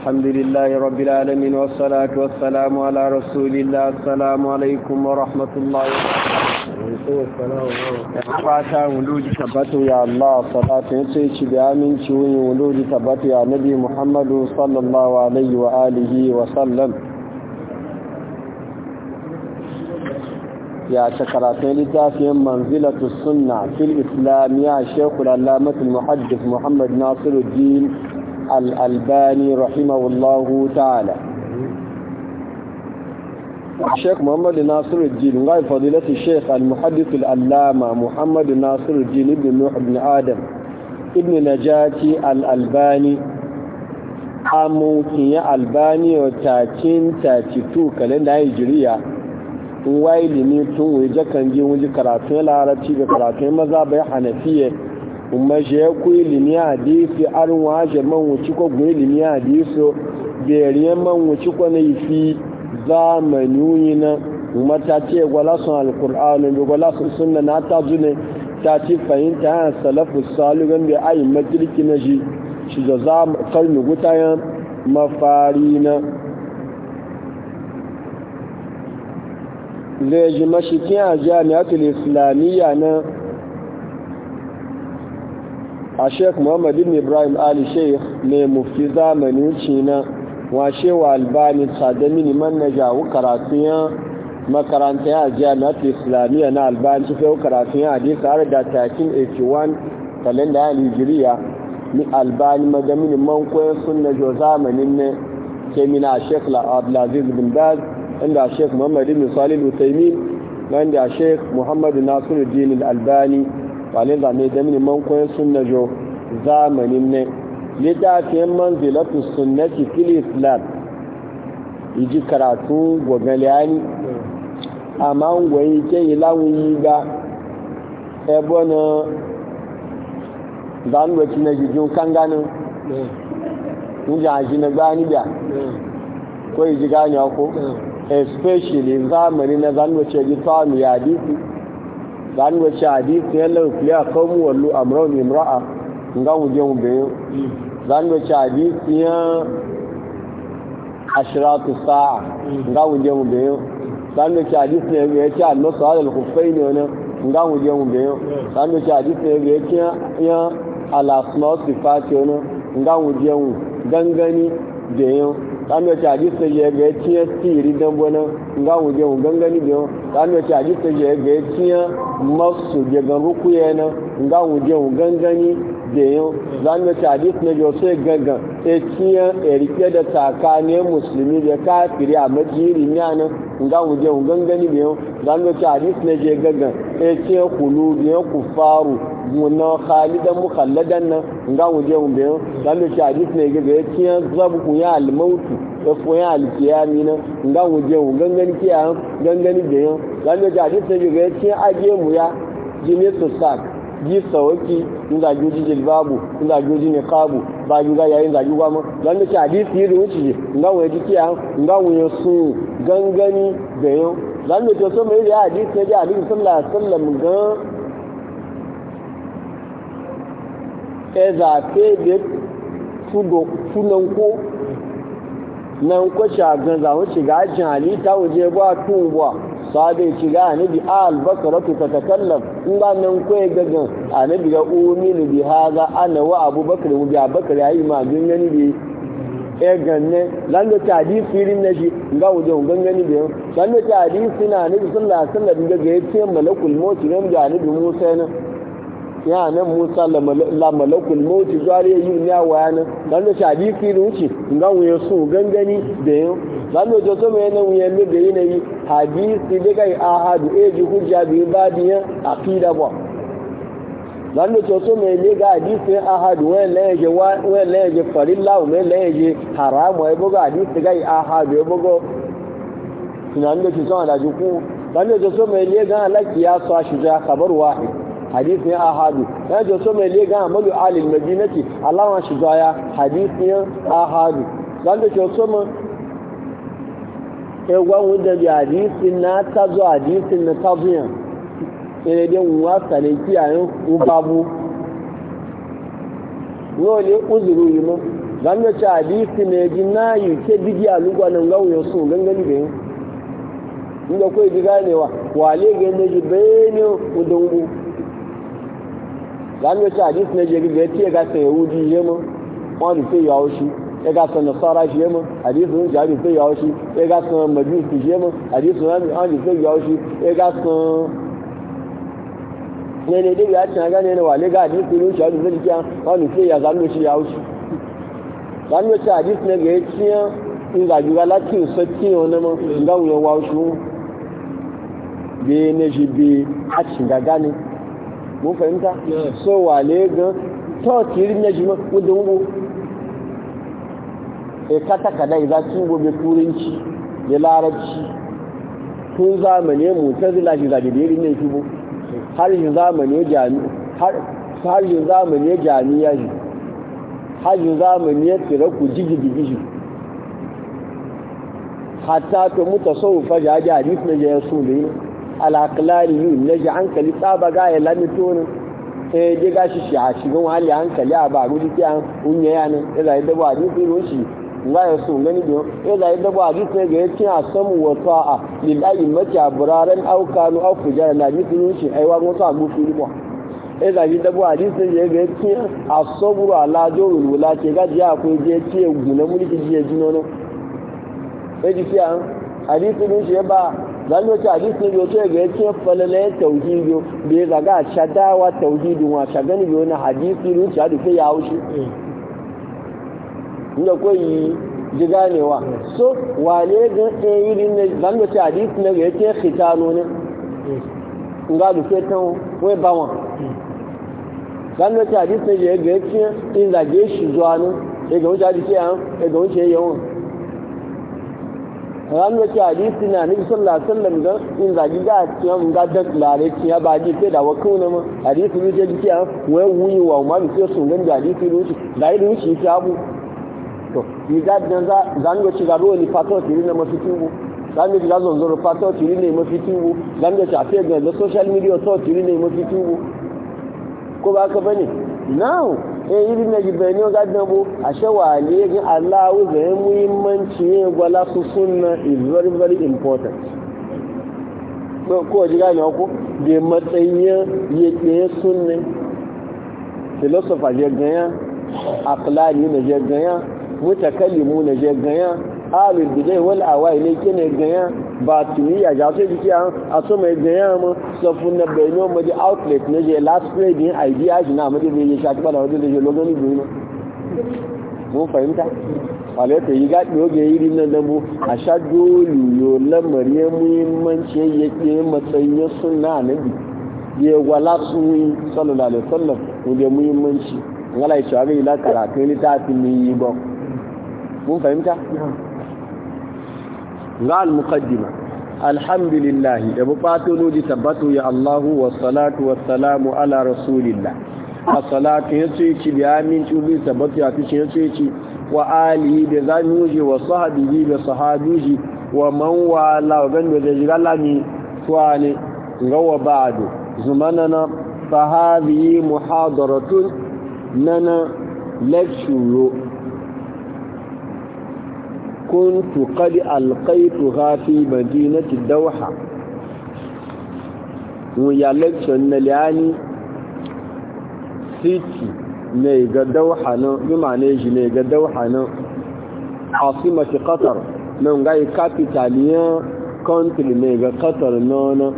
الحمد لله رب العالمين والصلاة والسلام على رسول الله السلام عليكم ورحمة الله fata wuluji tabbatu ya Allah salatu ya ce ci da aminci wuyin wuluji tabbatu ya nabi Muhammadu sallallahu alaihi wa alihi wa sallam ya ce karatun littafin manzilatu sunna fil islamiyya shekul alamatul muhaddis Muhammad Nasiruddin al’albani rahimahullahu ta’ala sheikh muhammad nasiru jini ngayi fadilatu sheikh al-muhaddith al-allama muhammad nasir jini ibn nuh ibn adam ibn najati al-albani amu kinya albani o tacin taci tu kalin da hijriya ngayi limitu wajakan ji wajen karatun larabci da karatun maza bai hanafiya kuma shi ya ku ilimi hadisi wa wajen man wuci ko guyi ilimi hadisi beriyar man wuci ko na ifi zamani yi na kuma ta ce gwalasun alkur'anu bi sun sunna na ta zune ta ci fahimta yan salafu saligan bai ayin makirki na shi shi da za karni gutayen mafari na zai ji mashikin a jami'atul islamiyya na a sheik muhammad ibn ibrahim ali sheik ne mufti zamanin cina washe wa albani tsadamini man na jawo karatun makarantar ya jami'at islamiyya na albani su fiye karatun ya har da 1381 kalenda ya nigeria ni albani madamini man koyar na jo zamanin ne ke mina sheik abdulaziz bin baz inda sheik muhammad ibn salih utaimin wanda sheik muhammad dinin albani wale zane da mini man koyar sunna jo zamanin ne littafin manzilatu sunnati fil islam iji karatu gwagaliyani amma ngwayi ke yi lawun yi ga ebe na zanwaci na jijin kanganin wujaji na gani da ko yi hmm. especially zamani na zanwaci ya ji samu ya disi dan wace hadisi ya lau kuliya kawmu wallu amraun imra'a nga wuje mu bayo dan wace hadisi ashratu sa'a nga wuje mu bayo dan wace hadisi ne ya ce annasu hadal nga wuje mu bayo dan wace hadisi ne ya ce asma sifati ne nga wuje mu gangani da yau ka ci hadisa je ga ya siri don bonan ga wuje mu gangani da yau kano ci hadisa je ga ya masu jagan rukuye nga wuje wu gangani da yau za mu ci hadis na sai gangan e ciyan e rike da tsakanin musulmi da kafiri a majiri nyanan nga wuje wu gangani da yau za mu ci hadis na je gangan e ciyan kulu da yau kufaru muna khalidan mukhalladan nan nga wuje wu da yau za mu ci hadis na gaga e ciyan zabu ya almautu da foyan alkiyami nan nga wuje wu gangani kiyan gangani da yau za mu ci hadis na gaga e ciyan aje mu ya jini sak ji sawaki in za juji jilbabu in za juji ne kabu ba ju yayin za gwa mu dan da hadisi yi ruci ne nga waye jiki nga waye su gangani da yau dan da to mai da hadisi da hadisi sallallahu alaihi wasallam ga e za tudo tunan nan ko shagan za wuce ga jali ta waje ba sahabe ci ga annabi ta takallam in ba nan ko ya gagan annabi ga uminu bi haza ana wa abubakar mu bi abubakar yayi ma gangani bi e ganne lan da tadi firin na shi ga wajen gangani bi lan da tadi suna annabi sallallahu alaihi wasallam ga ga yace malakul mauti ne ga annabi Musa ne ya nan Musa la malakul mauti zariya yi ne wa nan lan da tadi firin wuce ga wajen su gangani da yau zanu ojo to me na wuye me gari na yi hadisi de kai ahadu eji hujja bi ba diya aqida ba zanu ojo to me ga hadisi ahadu we le je wa we le je farilla we le je ahadu go ya ahadu ya je so mai lega amalu alil madinati ahadu e wanda bi hadisin na tazo hadisin na tazuyan sai dai wa sale kiyayen ubabu wole uzuru yi mu zan ga ci hadisi ne ji na yi ke digi a lugwanin gauyo su gangani da yin inda ji ganewa wale ga yadda ji bayani udungu zan ga ci hadisi ne ji ga ya ce ga sai yahudi wani ya ga san nasara shi yamma hadisin jari sai ya haushi ya ga san majusi shi yamma hadisin an sai ya haushi ya ga san ne ne dai ya cin gane ne wale ga hadisi ne shi hadisi ne kiyan wani sai ya zanu shi ya wuce zanu shi hadisi ne ga yaciya in ga juga lati sokki wani ma ga wuya wa wuce be ne shi be a cin gane mun fahimta so wale ga to tiri ne shi ma kudin e eh, kata kadai za su gobe turinci da larabci tun zamani mu ta zila shi zaɓi da irin shi bu har shi zamane ya shi har zamani ya tira ku jigidigi shi hatta ta muta sau faja ji hadis na jayar su da yi alakalari yi na ji hankali tsaba ga ya lami tonin sai eh, ya ji gashi shi a shigan wahali hankali a ba gudu kiyan unya yanin ya zai dabo hadis ne shi nga ya sun gani biyu ya e zai da ba hadisi ga ya ce a samu wa lillahi maka buraren au kanu na ni tun shi aiwa wasu e abu su ni ya zai da ba ga ya ce ala jorul wula ce ga ji akwai je ce guna mulki ji ya ji kiya hadisi shi ba zan yi hadisi ce ga ce shadawa wa shagani na hadisi inda koyi ji ganewa so wale ga ɗayirin na zanga ci hadisi na ga yake khitano ne nga dufe tan wai wa? zanga ci hadisi ne ga yake inda ga shi zuwa ne ya ga wuce hadisi yan ya ga wuce yawan ranar ci hadisi na nabi sallallahu alaihi wasallam ga in zagi ga cikin ga da lare ci ya ba ji sai da wa na ma hadisi ne ji ci an wai wuyi wa ma mi sai sun ganda hadisi ne ji da irin shi ta abu to riga dan za zan ci ga ruwa fato tiri na mafi kingu zan ci ga zonzoro fato tiri ne mafi kingu zan ci a fiye da social media to tiri ne mafi kingu ko ba ka bane now eh irin na ji bayani ga dan bu a shawale ga Allah wa zai muhimmanci ne gwala su sunna is very very important ko ji gane ko da matsayin yake sunna philosopher ya ganya akhlani ne ya ganya mutakallimu na je ganyan alul bidai wal awai ne kine ganyan ba tuniya ja to jiki an aso mai ganyan mu safu na bayno mu di outlet ne je last grade din idea ji na mu di je shati bala wajen da je logani bi ne mun fahimta wale ta yi gaɗi oge iri nan da mu a sha dole yo lamari ya muhimmanci ya ke matsayin suna na bi ya wala sun sallallahu alaihi wasallam mu da muhimmanci ngala ya shawari la karatu ni ta fi ni yi ba mun fahimta ga al-muqaddima alhamdulillah da bubatunu di tabbatu ya Allah wa salatu wa salamu ala rasulillah as-salatu yace ci bi amin ci tabbatu ya ci yace ci wa alihi da zamuji wa sahbihi da sahabuji wa man wala gan da jiralami tuani gawa ba'du zumanana fa hadhihi muhadaratun nana lecture كنت قد القيتها في مدينه الدوحه ويا لكن نلاني سيتي نيغا دوحه نو بما نيجي نيغا دوحه نو عاصمه قطر نو غاي كابيتاليا كنت نيغا قطر نونا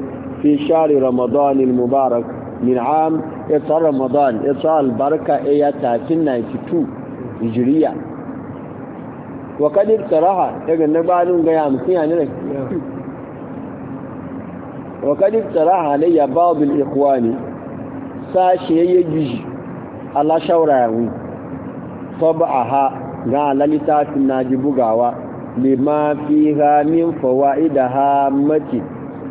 في شهر رمضان المبارك من عام اطار رمضان اطار البركه اي 1392 هجريه wa kadir taraha daga na balun ga ya mutum ya nuna wa kadir taraha ne ya ba bil ikhwani sashi yayye gishi Allah shawara ya wu tabaha ga lalita naji bugawa lima fiha min fawaidaha mati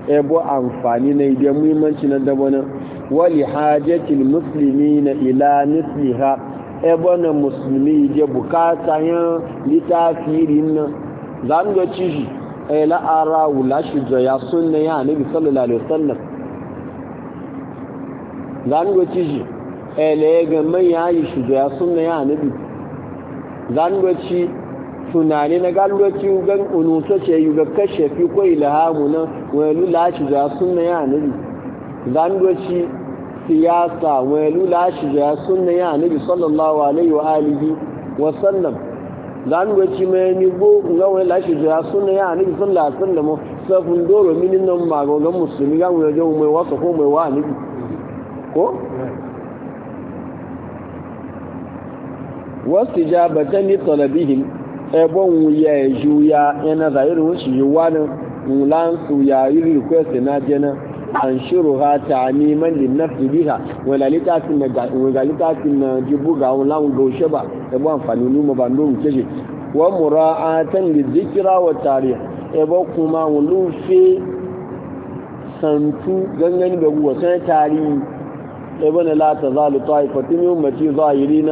ebo amfani na idan muhimmanci na dabona wali hajatil muslimina ila nisliha ebona musulmi je bukata yan litafirin nan zan ga ci shi la ara wula shi da ya sunna ya annabi sallallahu alaihi wasallam zan ga ci shi ele ga man ya yi shi da ya sunna ya annabi zan ga ci tunani na galoci gan unusa ce yi ga kashe fi ko ilhamu nan wani lula shi da ya sunna ya annabi zan ga ci siyasa wani lula shi ya sunna ya nabi sallallahu alaihi wa alihi wa sallam dan gaci mai ni go ga wani lashi ya sunna ya nabi sallallahu alaihi wa sallam safun doro nan ma ga musulmi ga wani jawu mai wasa ko mai wa nabi ko wasu ni talabihim juya yana ya yi request na An shiru ha ta neman din litatin na wala litatin na jibu ga wala gaushe ba da bu amfani numa ba ndu keje wa mura tan da lidhikra wa tariya ebe kuma kuma fi santu gangan da guwa sai tarihi e ba la tazalu ta'ifatu za a yi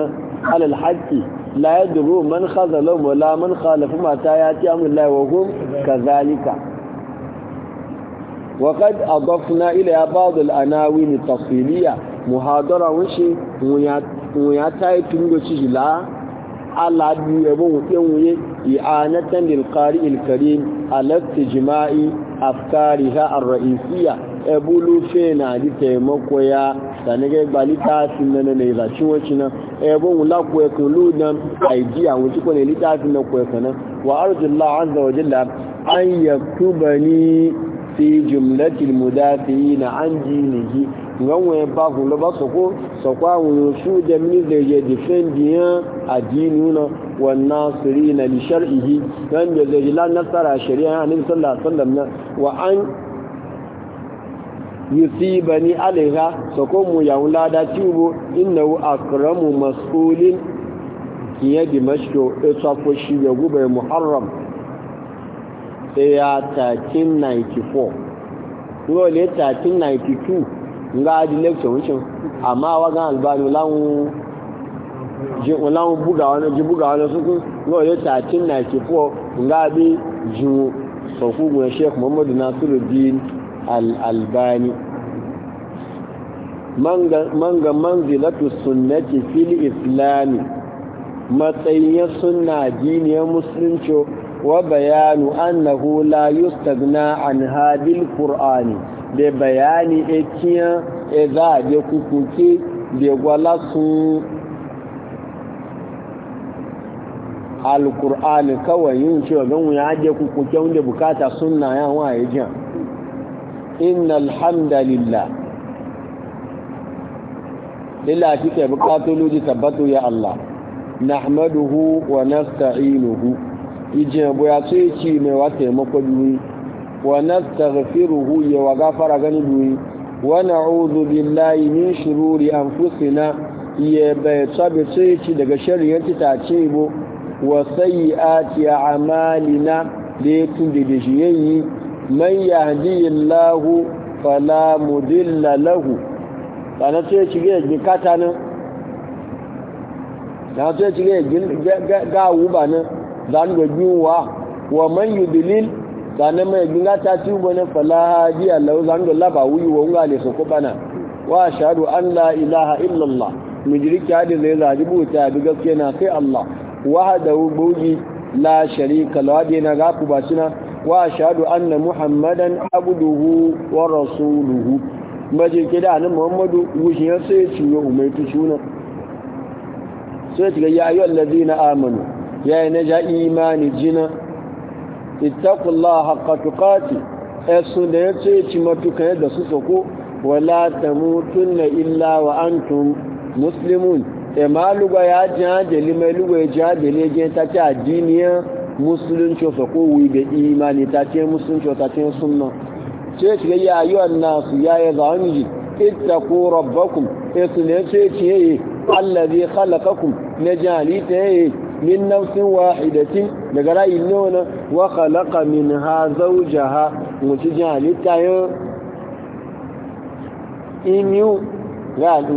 ala al haƙi la ruwa man khazalahum wala man khalafu ma ta yati amrullahi wa ka zalika وقد أضفنا إلى بعض الأناوين التفصيلية محاضرة وشي وياتاي تنجوشي شجلا على أبو يومي إعانة للقارئ الكريم على استجماع أفكارها الرئيسية ebulu fena di taimako ya sanagai balita sin nan ne za shi wacce nan ebon wula ko e ko kulu nan won wuce ko ne litafin nan ko e kana wa arjullahu azza wa jalla an yaktubani fi jumlatil mudafi'ina an dinihi ngan waye ba ku lo ba soko soko awon su da mini da ye defendia adinu na wa nasirina li shar'ihi dan da de la nasara shari'a annabi sallallahu alaihi wasallam wa an yusibani alaiha soko mu ya ulada tubo innahu akramu mas'ulin kiyadi mashko e ko shi ya gube muharram ya 1394 ruwa ne 1392 nga di lecture wucin amma wagan albani lahun buga wani ji buga wani suku ruwa ne 1394 nga abi jiwo saukugun sheik muhammadu nasiruddin al-albani manga manzilatu sunnati fil islami matsayin sunna diniyar musulunci wa bayanu annahu la yustagna an hadil qur'ani da bayani ekiya e za da kukuke da gwala sun alkur'ani kawai yin cewa gan wuya ajiye kukuke wanda bukata sunna ya waye jan inna alhamdulillah lillah kike bukatoloji tabbatu ya Allah nahmaduhu wa nasta'inuhu ije boya sai ci mai ya taimako duyi wa tafafiru huye wa gafara gani duyi wa na'udhu billahi min fusi na ya bai tsabe sai ci daga sharriyar ce bo wa amali na da ya tun da shi yi man ya fala yin lahu kana sai ci ga gikata nan na sai ci ga gawu ba nan zan ga biyuwa wa man yudlil sanan mai ginga ta ci gona fala ji Allah zan ga laba wuyi wa unga le so ko bana wa shahadu an la ilaha illa allah mujriki hadi zai zaji buta bi gaskiya na sai allah wahdahu buji la sharika la hadi na ga ku na. wa shahadu anna muhammadan abduhu wa rasuluhu maje kida nan muhammadu wushin sai yo umaitu shuna sai ga ya ladina amanu ya na ja imani jina ittaqullaha haqqa tuqati asun e da yace ci matuka yadda su soko wala tamutunna illa wa antum muslimun e maluga ya jaje limeluga ya jaje ne je ta ta diniya musulunci soko wi da imani ta ce musulunci ta ce sunna ce ci ya ayyuhan nasu ya ya zanji ittaqu rabbakum asun e da yace ci yayi allazi khalaqakum najali ta yi. min nafsin wahidatin daga ra'ayi ne wani wa khalaqa minha zawjaha mutu jin halitta yin inyu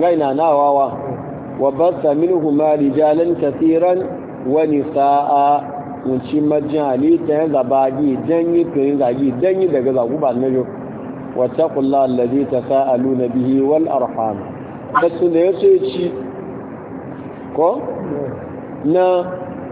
gaina nawawa wa basta minhuma rijalan kaseeran wa nisaa mutu majin halitta yin zabagi danyi tuyin zagi danyi daga zaguba na yau Wata ta واتقوا الله الذي تساءلون به والأرحام بس نيسي ko? na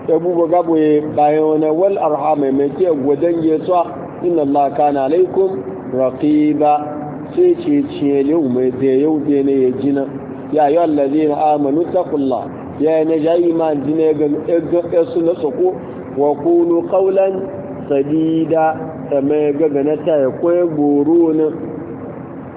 tabuwa gaboye bayan wani wal arhama mai ke gudan yeso inna Allah kana alaikum raqiba sai ce ce lewu mai da yau da ne ya jina ya yi allazi na amanu kulla. ya yi na ja iman jina ga su na soko wa kunu qawlan sadida da mai gaga na ta ya koyi goro ne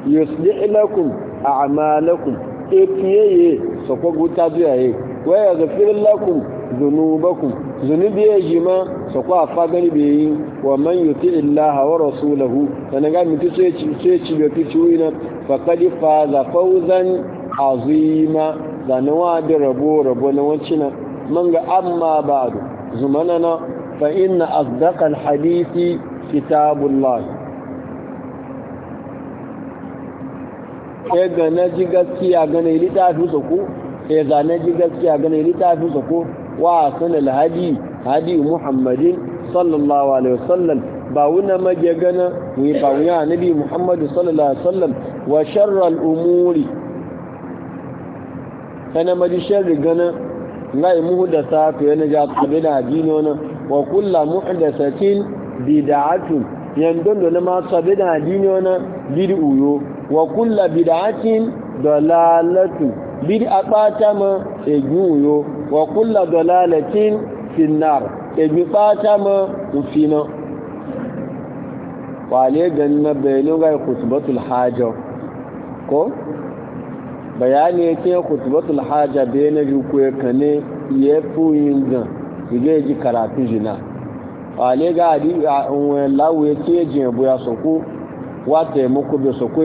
yuslih lakum e fiye ifiye soko guta biyaye wa yaghfir lakum dhunubakum zunubi ya jima so ko afa gani yi wa man hawa rasu lahu da na gami tuce ce ci be tuce faqad faza fawzan azima zanawa da rabo rabo na wancina man ga amma ba'du na fa inna asdaqal hadisi kitabullah ya na ji gaskiya gane littafi su ku ya eh, zane ji gaskiya ganin littafin sa ko wa sanar hadi hadi muhammadin sallallahu alaihi wasallam ba wuna maje gana wi ba wuna nabi muhammadu sallallahu alaihi wasallam wa sharral umuri kana maji sharri gana ngai muhdasa to yana ja tabe da dino na wa kullu muhdasatin bid'atun yandondo na ma tabe da na bid'u yo wa kullu bid'atin dalalatu biri bid'a bata ma eguyo wa kullu dalalatin finnar egu bata ma ufina wale ganna bayanu ga khutbatul haja ko bayani yake khutbatul haja bayana ruku kane ya yefu yinga ige ji karatu jina wale ga adi lawo yake je boya soko wa taimako be soko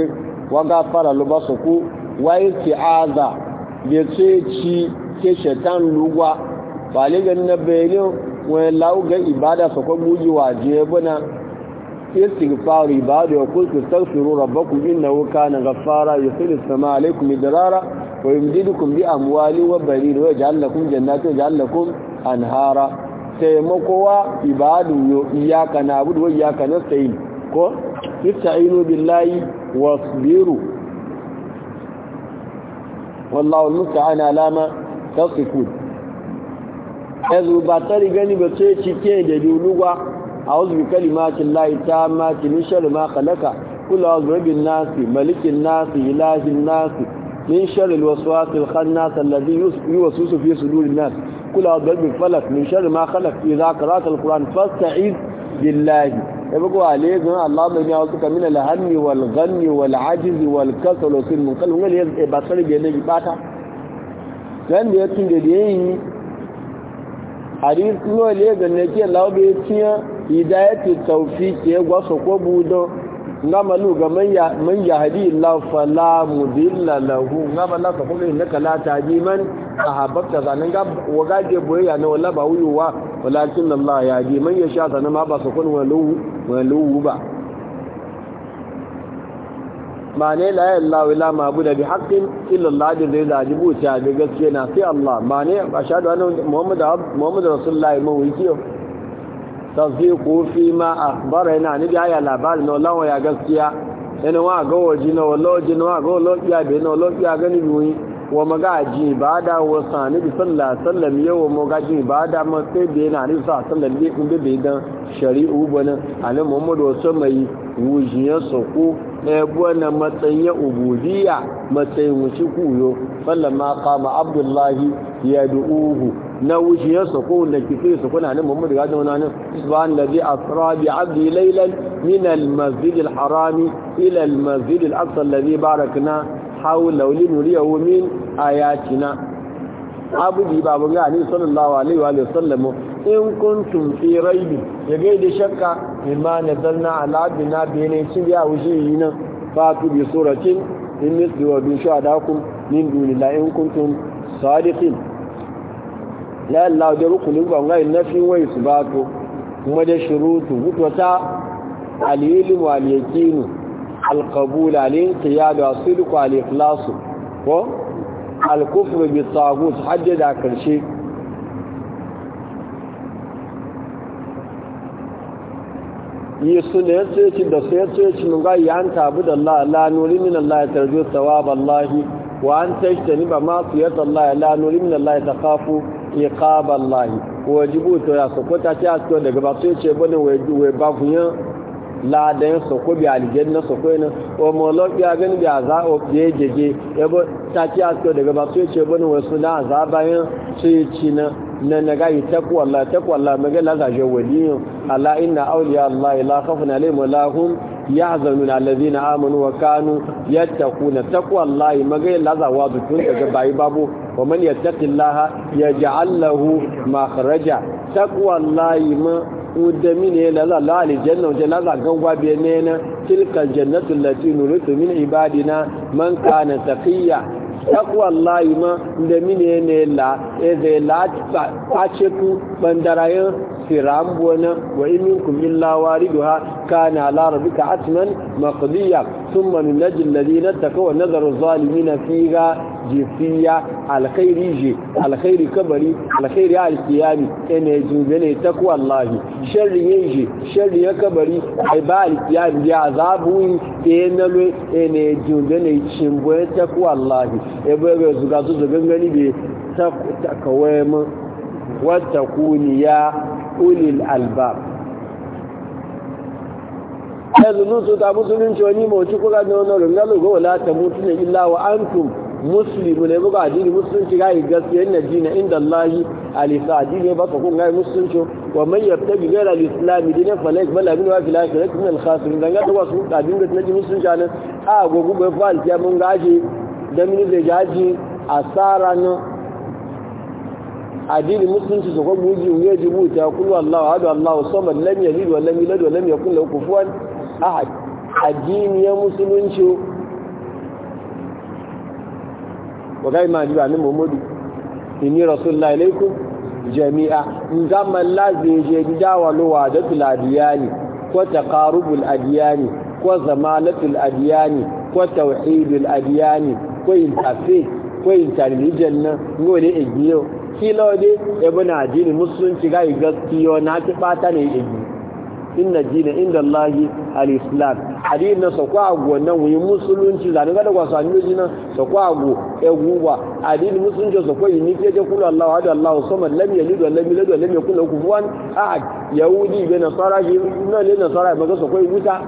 wa gafara lo ba soko wa isti'aza da sai ci ke shaitan lugwa ba ligan na benin wani lauga ibada su kwa buji waje buna istighfar ibada ya kulku tafsiru wuka na gafara Ya yusilu sama alaikum midirara. wa kun bi amuwali wa bari da yaj'al allakun jannatin yaj'al allakun anhara taimakowa ibadu yo iyyaka na'budu wa na, nasta'in ko istaeenu wasu wasbiru wallahu musta'an alama tasifun azu ba tari gani ba ce cike da duluwa a'udhu bi kalimatin lahi tammati min sharri ma khalaqa kullu a'udhu rabbin nas malikin nas ilahin nas min sharri alwaswas alkhannas alladhi yuwaswisu fi sudurin nas kullu a'udhu bi falaq min sharri ma billahi ya ko a lezun Allah mai yawa suka mina lahanni wal ganni wal ajizi wal kasal wa sun munkal wani ya zai ba sarbe na bi bata zan da ya tun da da yayi hadis kuma lezun ne ke laube ya tiya hidayatu tawfiq ya gwasa ko budo ngama lu ga manya manya hadi Allah fala mudilla lahu ngama la ka kuma innaka la tajiman sahabaka zanan ga wagaje boyayya na wala ba wuyuwa walakin Allah ya ji man ya sha sanan ma ba su kun walu ba ma ne la ilaha illa ma buda da bi haqqin illa Allah da zai zaji ta da gaske na sai Allah ma ne ashhadu anna muhammad muhammad rasulullah mu wikiyo tasdiqu fi ma akhbarana ni ya labarin no lawa ya gaskiya ina wa ga waji na wallahi na wa ga wallahi ya be na lo ya gani biyu wa magaji ba da wasu anabi sallallahu sallam yau magaji ba da matsayi da yana anabi sallallahu sallam ne kun bebe dan shari'u bana anabi muhammadu wasu mai wujiyar soko na yabuwa na matsayin ubudiya matsayin wuce kuyo sallam ma kama abdullahi ya du'uhu na wujiyar soko da kife soko na anabi muhammadu gadi wani anabi subhan lazi asra bi abdi laylan min al-masjid al-harami ila al-masjid al-aqsa alladhi barakna haula wani muriyawo min ayatina abuji babu ga ni sallallahu alaihi wa sallam in kuntum fi raibi ya gaida shakka mimma nazalna ala abdina bayne cin ya wuce yi fa tu bi suratin in misdu wa bi shadakum min dunillahi in kuntum sadiqin la la da rukunin ba ngai nafi wai su ba to kuma da shurutu gutwata alilmu alyakinu alkabula ne kiyadu a sulku aliklasu ko alkufru bi tsagus haddada karshe yi suna ya da su ya ceci nunga yi an tabi da Allah la nuri min Allah ya tarbi tsawab Allah wa an tashi ni ba ma su yata Allah la nuri min Allah ya takafu iqab Allah wajibu to ya sokota ta asko daga ba su ya ce bane wai ba kunyan ladan soko bi aljanna soko ina o mo lo bi agani bi aza o je jeje e bo ta ti asko daga ba so ce bani wasu na aza bayan sai ci na na na ga yi takwa Allah takwa Allah maga la zaje waliyo ala inna awliya Allah la khafna alaihim wa lahum yahzanuna alladhina amanu wa kanu yattaquna taqwa Allah maga la za wa tun daga bai babu wa man yattaqillaha yaj'al lahu makhraja taqwa Allah ma wadda mini ya laza a aljanna wajen laza gangwa ne na tilka jannatu lati nuritu ibadi ibadina man kana tafiya. takwa Allah ma da mini ne la e zai la pace ku bandarayin siram bona wa in minkum illa wariduha kana larabi rabbika atman sun thumma nunajji alladhina taqaw wa nadharu adh-dhalimina fiha jisiya alkhairi je alkhairi kabari alkhairi alkiyami ene jubele takwa Allah sharri je sharri ya kabari ai ba alkiyami ya azabu ene lo ene jubele chimbo takwa Allah ebe be zuga zuga gangani be takawem watakuni ya ulil albab ẹ̀lùlú tó tàbí tó ní ṣe onímọ̀ ojú kó rájọ ọ̀nà rẹ̀ lálògó wà látàmú tí ilá wa áńtùm muslimu ne buga addini musulunci ga yi gaskiya na dina inda Allahi alisa addini ba ka kun ga musulunci wa man yabtabi ghayra al-islam fa laik bala min wa fil akhirati min al-khasirin dan ga da wasu addini da ji musulunci ne a gogu ba fal ya mun gaji da min da gaji asara no addini musulunci su ko buji ne jibuta kullu Allahu ahad Allahu samad lam yalid wa lam yulad wa lam yakul lahu kufuwan ahad addini ya musulunci wọ̀gá ìmáàlúwà ní mọ̀mọ́dù ìní rasulullah ilaikum jami'a in zaman lazeje gidawa lowa da tuladiyani ko taqarubul adiyani ko zamanatul adiyani ko tauhidul adiyani ko intafe ko intelligent na ngole egiyo kilo de ebona musulunci ga gaskiyo na ti inna dina inda Allahi al-islam adin na sako ago na wuyi musulunci zani ga da kwaso an yi jina sako ago agwo eguwa hadin musulunci sako yi ni ke je kullu Allah hada Allah sama lam yalid wa lam yulad wa lam yakul lahu kufuwan a yahudi be na sara ji na le na sara ba sako yi wuta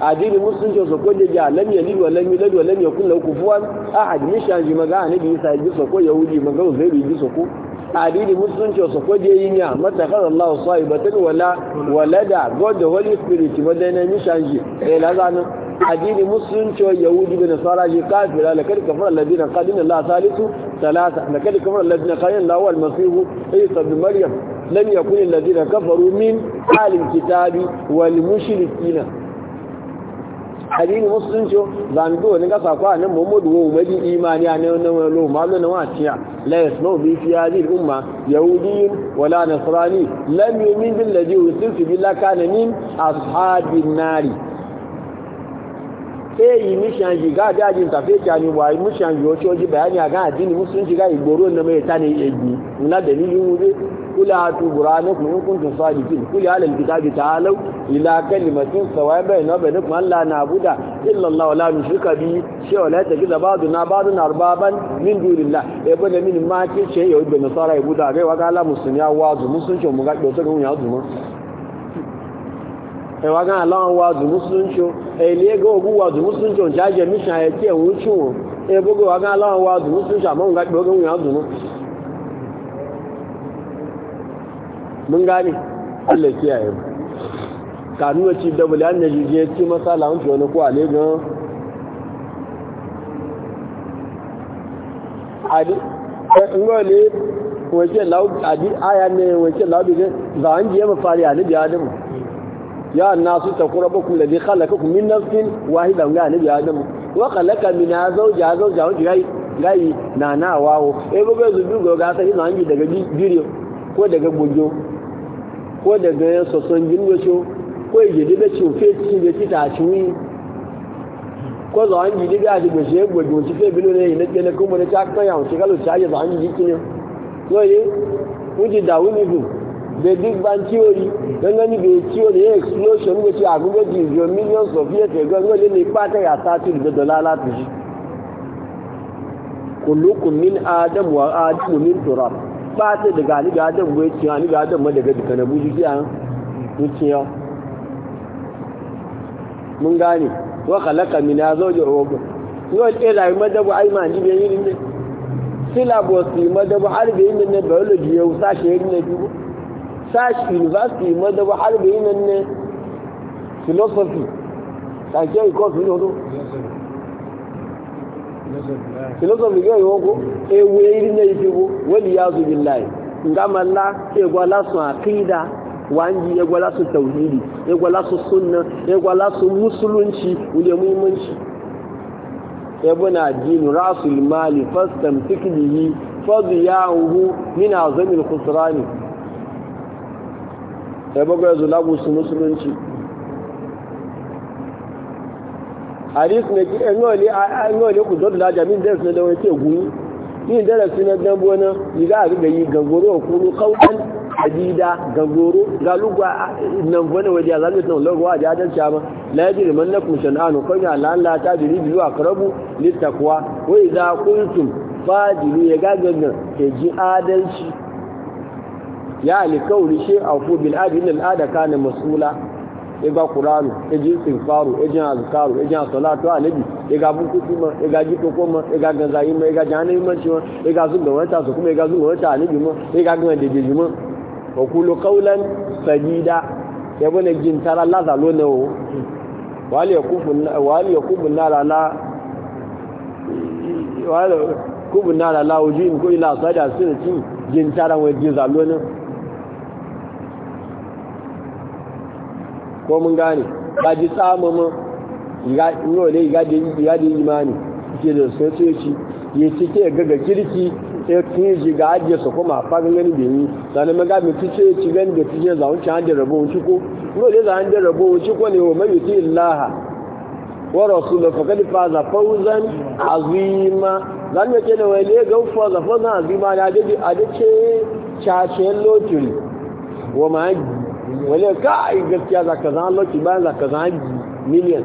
hadin musulunci sako je ja lam yalid wa lam yulad wa lam yakul lahu kufuwan ahad mishan ji maga annabi isa ji sako yahudi maga zai ji sako adini musulunci wasu kwaje yi ya matakar Allah sa'i batun wala walada God the Holy Spirit madaina mishanji eh lazanin adini musulunci wa yahudi bin nasara ji kafira da kada kafara alladina qadina Allah salisu Talata, la kada kafara alladina qadina Allah wal masih isa ibn maryam lam yakun alladina kafaru min alim kitabi wal mushrikin adini musulunci zanbi wani kasa kwa nan muhammadu wa umarji imani a nan nan lo malo na waciya la yasmau bi fi hadhihi umma yahudi wala nasrani lam yu'min bil ladhi usiltu billahi kana min ashabin nari yi mishan ji ga da jin tafe ta ni wa yi mishan ji o ti o ji bayani aga adini musulunci ga igboro na me ta ni egi na yi wuri kula hatu burhanakum in kuntum sadiqin kul ya alal kitabi ta'alu ila kalimatin sawa'in bainana wa bainakum alla na'budu illa Allah wa la nushrika bi shay'a la tajidu ba'duna ba'dun arbaban min dunillah e bane min ma ke ce yau da nasara ya buda kai waga Allah musulmi ya wazu musulunci mu ga dosa ga mu ya zuma e waga Allah wazu musulunci e le ga ogu wazu musulunci on jaje mission ya ke wucu e bugo waga Allah wazu musulunci amma ga dosa ga mu zuma mun gane Allah kiyaye mu ka nuna ci da bulan na je ci masala wani wani ko ale eh, ga adi ngole wace lau adi aya ne wace lau bi za an je mafari ani bi adamu ya nasu takurabukum ladhi khalaqakum min nafsin wahida ga ani bi adamu wa khalaqa min zawja zawja wa gai gai nana wawo e eh, bugo zudu ga sai ina an daga biriyo ko daga gojo ko daga ya soson gingosho ko ije da ci ofe ci da ci ta ci wi ko zo an gidi ga diga she gbodo ci fe bilo ne ne gele ko mo ne ta kan ya o ci ga lo ci aye an gidi kini so ye u ji da wi ni bu the big bang theory ganga ni be theory explosion go ci agugo ji yo millions of years ago ngo le ni pata ya 30 dollar la ti kullukum min adam wa adam min turab ba ta daga alibi adam wai ci alibi adam ma daga duka na buji kiya wuciya mun gane wa khalaqa min azwaji ubu yau ɗaya rayu madabu ai ma alibi yayi ne syllabus yi madabu harbi yi ne biology yau sashi yi ne dubu sashi university madabu harbi yi ne philosophy sashi yi kofi ne philosophy ga yo ko e weiri ne yigo wali yazu billahi ngama la e gwala su aqida wanji e gwala su tauhidi e gwala su sunna e gwala su musulunci wule muhimmanci e bana dinu rasul mali fastam tikdihi fadiyahu min azamil khusrani e bago yazu lagu su musulunci hadisi ne ngole ku da laja min dare suna da wani ke guni yin dare suna dan bona yiga a riga yi gangoro kuru kaukan hadida gangoro ga lugwa nan bona waje zan ta lugwa waje adan chama la yaji man lakum shan'anu kun ya lan la ta jiri bilu akrabu lit taqwa wa idza kuntum fadilu ya gagaga ke ji adalci ya alikauli shi afu bil adin al adaka na masula ega kuranu eji istighfaru eji azkaru eji salatu alabi ega bukutu ma ega jitoko ma ega ganzayi ma ega jani ma ci ma ega zuga wata su kuma ega zuga wata alabi ma ega gan dejeji ma wa kulu qawlan sadida ya bane jin tara Allah zalo ne wo wali yakufun wali yakufun la la wali kubun na la la wujin ko ila sada sun ci jin tara wa jin zalo ne ko mun gane ba ji tsamama ya igadin imani ke da sosoci ya ci ke gaga kirki ya tun ji ga ajiye su kuma fagen gani da yi sanin maga mai fice ci gani da fice zaun ci hanyar rabo wuci ko yole za hanyar rabo wuci ko ne wa mai ti illaha wa rasulullah fa kadi fa za fawzan azima zan ne ke da wai le ga fa za fawzan azima da dade a dace cace lokin wa ma wale kai gaskiya za ka zan lokaci bayan za ka zan miliyan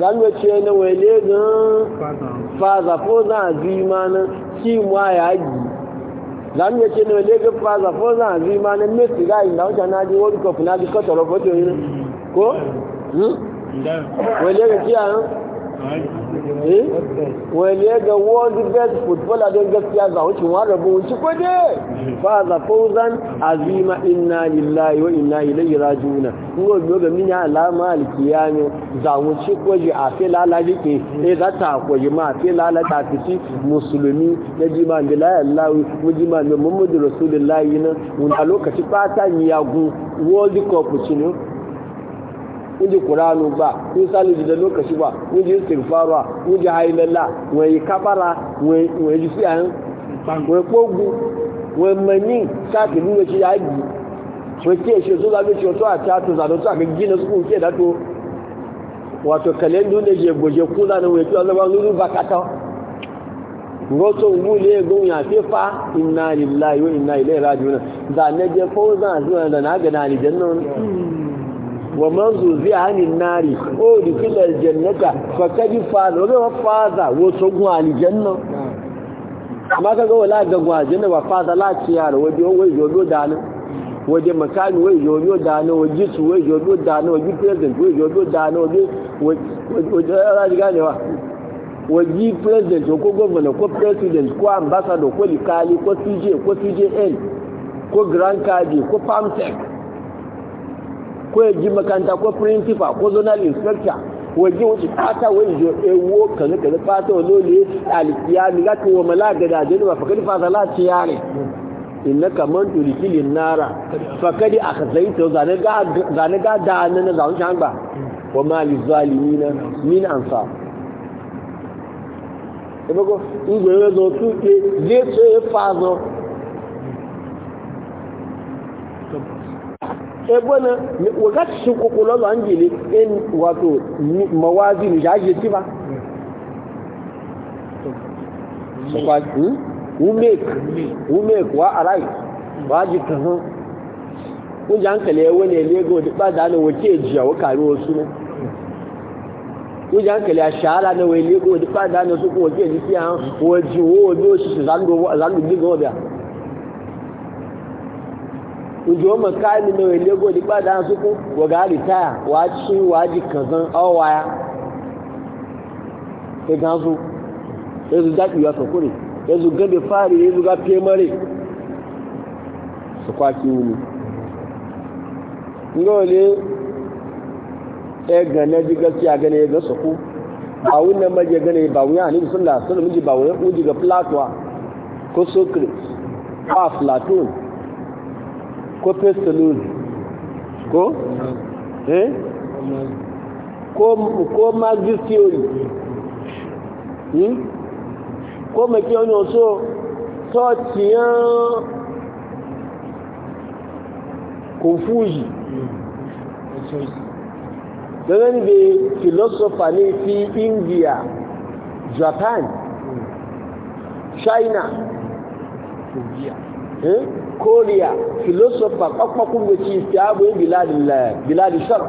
zan wace na wale gan faza ko za a zi mana ki ma ya yi zan wace na wale gan faza ko za a zi mana messi ga da wajen na ji world cup na ji kwatar rahoto yi ko hmm? wale ga kiyayen wani ya ga world best a don gaskiya ga wucin wa rabu wuce kwade ba za fauzan azima inna lillahi wa inna ilayhi rajiuna kuma biyo ga mini alama alkiya ne za wuce kwaje a fi lalaje ke ne za ta kwaje ma a fi lalata fiti musulmi na jima da layan lawi mu jima da muhammadu rasulullahi na a lokaci fata miyagun world cup cinu kunji kuranu ba kun salu da lokaci ba ji kunji ji kunji hailalla wai kabara wai wai ji siyan eh? wai kogu mun mani sati nuna shi ya gi mun ke shi so zabe ci to a ta to zado ta ga gina su kun ke da to wato kalendu ne je goje kula na wai to Allah ba nuru ba kata ngoto wule gun ya fa inna lillahi wa inna ilaihi raji'un da ne je fozan zuwa da na ga na aljanna wa man zuziya hanin nari o dukila aljannata fa kadi faza wa ma faza wo sogun aljanna amma kaga wala ga gwajanna wa faza la ciyar waje wai jodo dana waje makani wai jodo dana waje su wai jodo president ko governor ko president ko ambassador ko likali ko cj ko cjn ko grand cadi ko famtech ko ya ji makaranta ko principal ko zonal inspector waje wuce fata wani jo ewo kaza kaza fata wa lole alkiyami za ka wa malaga da jini ba fakari fata lafiya ne inna kaman tulikilin nara fakari a kazai ta zane ga da na na zaun shan ba wa mali zalimi na min ansa ebe ko igwe zo tuke je se e fa. fazo ebo na wakati shi kokolo lo anjili in wato mawazi ni jaje ti ba who wa arai wa ji kan kun jan kale wani lego da ba da na wace jiya wa karo su ne kun jan kale a shahara na wani lego da ba na su wace jiya wa jiwo wa biyo shi zandu zandu bigo ǹjẹ́ ó mọ̀ ká nínú ìlégò nípa dáhùn sókún wọ̀gá rìtáyà wàá tí wàá di kànzán ọ̀wá ya ẹ̀gán fún ẹ̀zù dákì yọ sọ̀kúrì ẹ̀zù gẹ́gẹ́ fáàrí ẹ̀zù gá pé mọ́rẹ̀ sọ̀kọ́ àti wùmí. ǹjẹ́ ò lé ẹ̀gàn náà di gẹ́sí àgẹ́nà ẹ̀gán sọ̀kú àwọn náà mọ̀ jẹ́ gẹ́nà ìbàwọ̀n àní bísọ̀lá sọ̀rọ̀ méjì bàwọ̀n di gẹ́ plátoà kó sókè fáà flatone ko pestalozzi ko? eh? ko marxist theory ko maki onye oso tọ́ọ̀tì yán kòfúyì gẹ́gẹ́ níbi filosofa ní ti india japan china korea Hmm? korea philosopher ọkpọkụ gbochi isi abụ biladi shak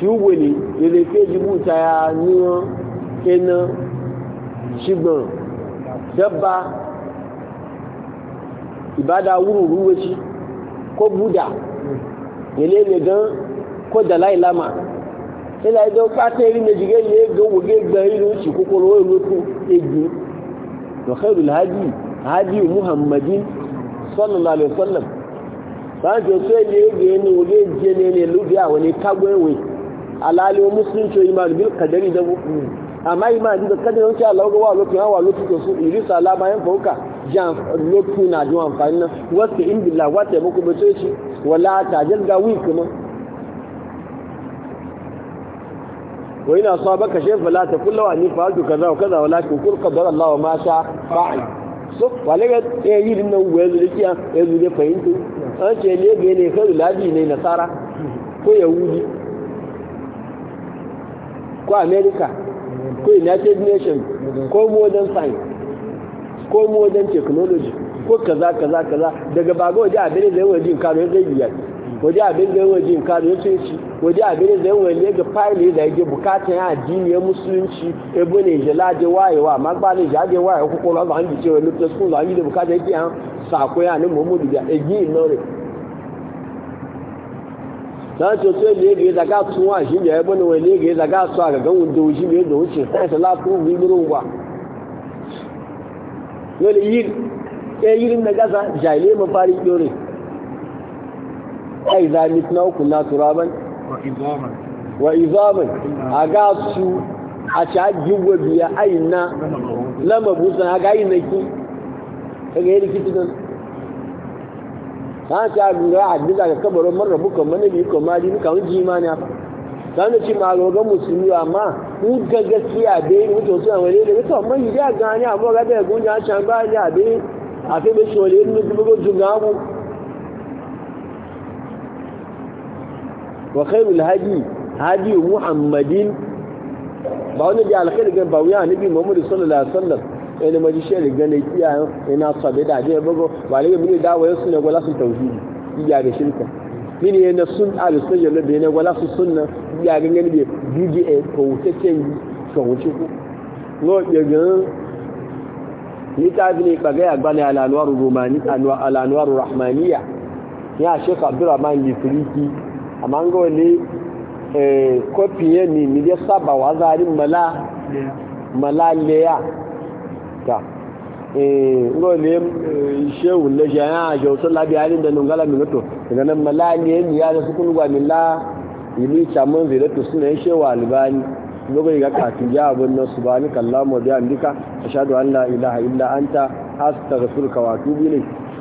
si ugweli lere facebook ya n'iyo kena ṣùgbọ́n dẹ́ba ìbáda wúrúurú wéṣí kó buddha yẹlé lè gan kó dalai lama ilẹ̀ ẹjọ́ pátẹ́ rí méjìlélẹ́gbẹ̀wò gẹ́gbẹ̀ ìlú ìṣìkókòrò ìlú ègbè lọ́kẹ́rù làájì hadi muhammadin sallallahu alaihi wasallam je tó ilé ègbè ni o je je ẹni ne lu àwọn woni kágbọ́ we alali o muslim tó ìmá àdúgbò kàdẹ́rì ìdánwò amma ìmá da kadari oúnjẹ Allah ga wa lo lókè tó lo ti alábáyé su iri sala ba yan àǹfààní jan lo ti ń bìlà wà tẹ̀ mọ́kọ́ bẹ́tọ́ èṣì wọ́n lá àtàjẹ́ ga wíìkì mọ́ wọ́n yìí náà sọ abẹ́kàṣẹ́ fẹ́lá tẹ̀kúnlọ́wà ní fàájú kaza wa kaza wa láti kúrkà Allah ma sha fa'il so wale walaga ya eh, yi din nan wai zuri kiya ya zuri fahimtu an ce ne ga ne kai labi ne nasara ko yahudi ko america ko united nations ko modern science ko modern technology ko kaza kaza kaza daga bago da abin da zai wajen karo zai biya waje abin da waje jin kano mutunci waje abin da yawan lega fayil da yake bukata ya addini ya musulunci ebo ne je laje wayewa ma gba ne je aje wayewa ko kola zan ji cewa lokacin school zan yi da bukata yake an sako ya ni muhammadu da egi nore dan to sai ne ga daga tuwa shi ne ebe ne wani ga daga su ga gan wanda shi ne da wuce sai salatu bi murwa wani yi eh yirin da gaza jahilai mafari dore ai za mitna na turaban wa izaman a ga su a ci hajjiwa biya aina lama busan a ga yi na ki daga yi rikici don ta ce a gungara a dinga ga kabarin marar bukan mana biyu kan mali duka wani jima ne haka ta da ce magogan musulmi amma in ga gaskiya da yi mutu suna wani da mutu amma yi da gani amma ga da ya gunja a can ba da abin a kai bai shi wani irin wa khairul hadi hadi muhammadin ba wani da alkhairi ga ba wuya nabi muhammad sallallahu alaihi wasallam ina maji shari gane kiyayen ina sabe da je bago ba ne mu da wayo sunna wala sun tauhidi iya da shirka mini yana sun alu sunna da ne wala sun sunna iya ga ngani be bid'a ko tacen ko wuce ku no ya ga ni ta bi ba ga ba ne al anwar rumani al anwar rahmaniya ya shekh abdurrahman jifriki amma an ni kofiye ne ni ya saba wa zarin malaleya ta gole shehu na shayan a labi labiyarin da nungala minuto daga nan malaleya ne ya da su kunuwa mila ilu caman zirato suna yin shewa albani gobe ga kafin ya abin nan su ba ni kallon mabiya ndika a shaɗu an la ilaha illa anta astaghfiruka wa atubu ilayk